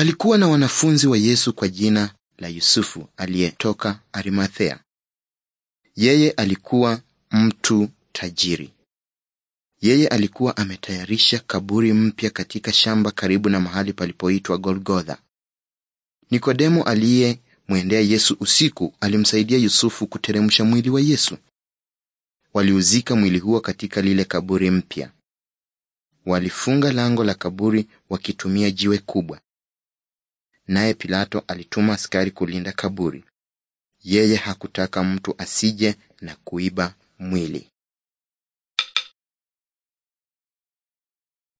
Palikuwa na wanafunzi wa Yesu kwa jina la Yusufu aliyetoka Arimathea. Yeye alikuwa mtu tajiri. Yeye alikuwa ametayarisha kaburi mpya katika shamba karibu na mahali palipoitwa Golgotha. Nikodemo aliyemwendea Yesu usiku alimsaidia Yusufu kuteremsha mwili wa Yesu. Waliuzika mwili huo katika lile kaburi mpya. Walifunga lango la kaburi wakitumia jiwe kubwa naye Pilato alituma askari kulinda kaburi. Yeye hakutaka mtu asije na kuiba mwili.